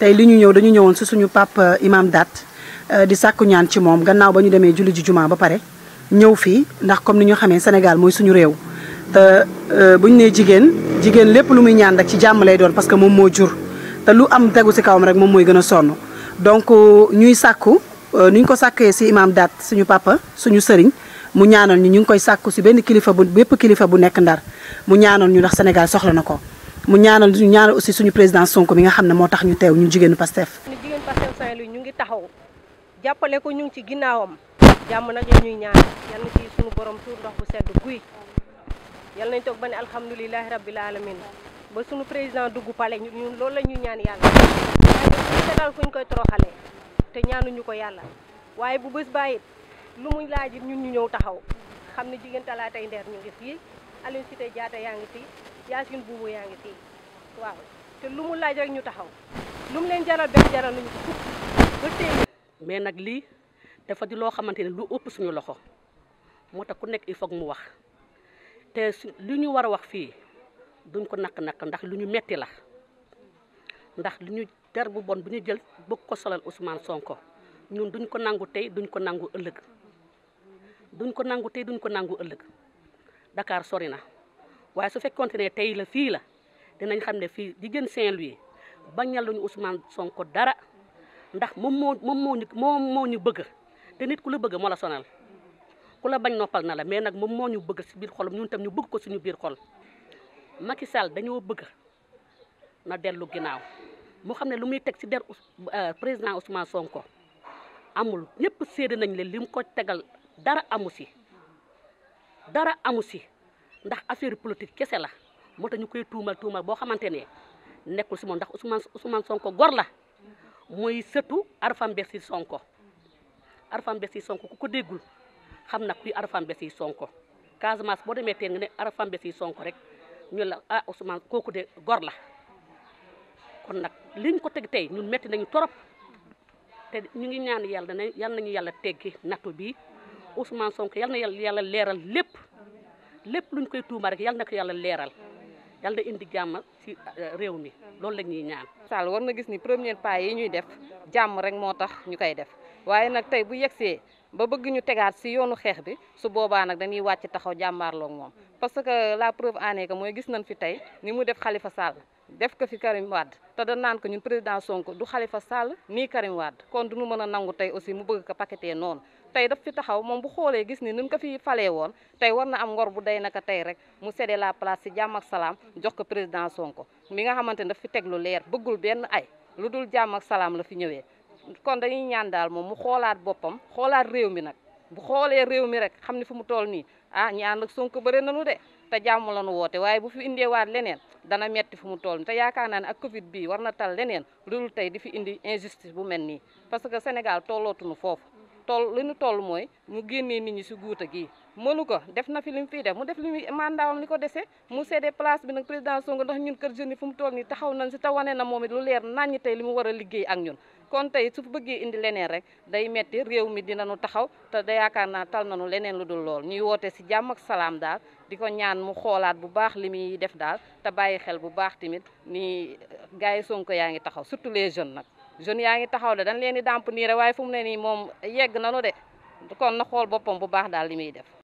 tey li ñu ñëw dañu ñëwoon si suñu papa euh, imam Daat euh, di sàkku ñaan ci moom gannaaw ba ñu demee julli ji jumaa ba pare ñëw fii ndax comme ni ñu xamee Sénégal mooy suñu réew te euh, bu ñu nee jigéen jigéen lépp lu muy ñaan rek ci jàmm lay doon parce que moom moo jur te lu am tegu si kawam rek moom mooy gën a sonn donc ñuy sàkku ni ñu ko sàkkee si imam Daat suñu papa suñu sëriñ mu ñaanal ñi ñu ngi koy sàkku si benn kilifa bu bépp kilifa bu nekk ndar mu ñaanal ñu ndax Sénégal soxla na ko mu ñaanal ñu ñaanal aussi suñu président Sonko bi nga xam ne moo tax ñu teew ñun jigéenu Pastef. ñu jigéenu Pastef Saint-Louis ñu ngi taxaw jàppale ko ñu ngi ci ginnaawam jàmm nag ñuy ñaan yal na ci suñu borom tuur ndox bu sedd guy yal nañ toog ba ne alhamdulilahi rabbil alamin ba suñu président dugg pale ñun loolu la ñuy ñaan yàlla waaye setal fuñ koy toroxalee te ñaanuñu ko yàlla waaye bu bés bàyyit lu mu laaj ñu ñu ñëw taxaw xamni jigen jigéen talaatay ndeer ñu ngi fi Aline cité jaata ya ngi fii Yacine Boubou yaa ngi fii waaw te lu mu laaj rek ñu taxaw lu mu leen jaral benn jaral ñu ko ba mais nak li dafa di lo xamante lu upp suñu loxo moo ku nek il faut mu wax te li ñu war wax fi duñ ko nak nak ndax lu ñu metti la ndax lu ñu der bu bon bu ñu jël bu ko solal Ousmane Sonko ñun duñ ko nangu tay duñ ko nangu ëllëg duñ ko nangu tey duñ ko nangu ëllëg Dakar sori na waaye su fekkoonte ne tey la fii la dinañ xam ne fii di gën Saint-Louis bañaluñu Ousmane Sonko dara ndax moom moo moom moo ñu moom moo ñu bëgg te nit ku la bëgg moo la sonal ku la bañ noppal na la mais nag moom moo ñu bëgg si biir xolam ñun tam ñu bëgg ko suñu biir xol Macky Sall dañoo bëgg na dellu ginnaaw mu xam ne lu muy teg ci der euh, président Ousmane Sonko amul ñëpp séede nañ leen li mu ko tegal dara amu si dara amu si ndax affaire politique kese la moo tax ñu koy tuumal tuumal boo xamante ne nekkul si moom ndax Ousmane Ousmane Sonko gor la mooy sëtu Arafa Mbessi Sonko Arafa Mbessi Sonko ku ko déggul xam na kuy Arafa Mbessi Sonko Casamance boo demee teen ne Arafa Mbessi Sonko rek ñu la ah Ousmane kooku de gor la kon nag liñ ko teg tey ñun metti nañu trop te ñu ngi ñaan yàlla na yàlla nañu yàlla teggi nattu bii Ousmane Sonko yalla na yàlla leeral lepp lépp luñ koy tuuma rek yalla nak yalla leral yalla da indi jamm ci euh, rew mi loolu la ñuy ñaan. sal war na gis ni premier pas yi ñuy def jamm rek moo tax ñu def waye nak tay bu yegsee ba bëgg ñu tégaat ci yoonu xex bi su boba nak dañuy wacc taxaw jàmbaarloo ak mom parce que la preuve ané que moy gis nañ fi tay ni mu def Khalifa Sall. def ko fi Karim wad ta da nan ko ñun président Sonko du Khalifa Sall ni Karim wad kon du ñu mëna a nangu tey aussi mu bëgg ko paqueté non tey daf fi taxaw moom bu xoolee gis ni nun ko fi fale woon tey war na am ngor bu day naka tey rek mu cédé la place ci jàmm ak salaam jox ko président Sonko mi nga xamante ne daf fi leer bëggul benn ay lu dul jàmm ak salaam la fi ñëwee kon dañuy ñaan daal moom mu xoolaat boppam xoolaat réew mi nag bu xoolee réew mi rek xam ni fu mu toll nii ah ñi ànd ak Sonko bëri nanu de te jàmm la nu woote waaye bu fi indeewaat leneen dana metti fu mu toll nii te yaakaar naa ne ak Covid bii war na tal leneen lu tey di fi indi injustice bu mel nii parce que Sénégal tollootuñu foofu tol li ñu toll moy mu génné nit ñi su guuta gi mënu ko def na fi lim fi def mu def lim mandawam liko li mu cédé place bi nak président Sonko ndax ñun kër jeunes fu mu toll ni taxaw nañ ci te wane na momit lu leer nañ tay limu wara liggéey ak ñun kon tay su bëggé indi lénen rek day metti réew mi taxaw da na tal nañu lénen lu dul lool ñuy woté si jamm ak salam daal di ñaan mu xolaat bu baax limi def daal te bayyi xel bu baax timit ni eh, gaay yi yaangi taxaw surtout les jeunes nak jeunes yaa ngi taxaw de dañ leen di dàmp nii waaye fu mu ne nii moom yegg nanu de kon na xool boppam bu baax daal li muy def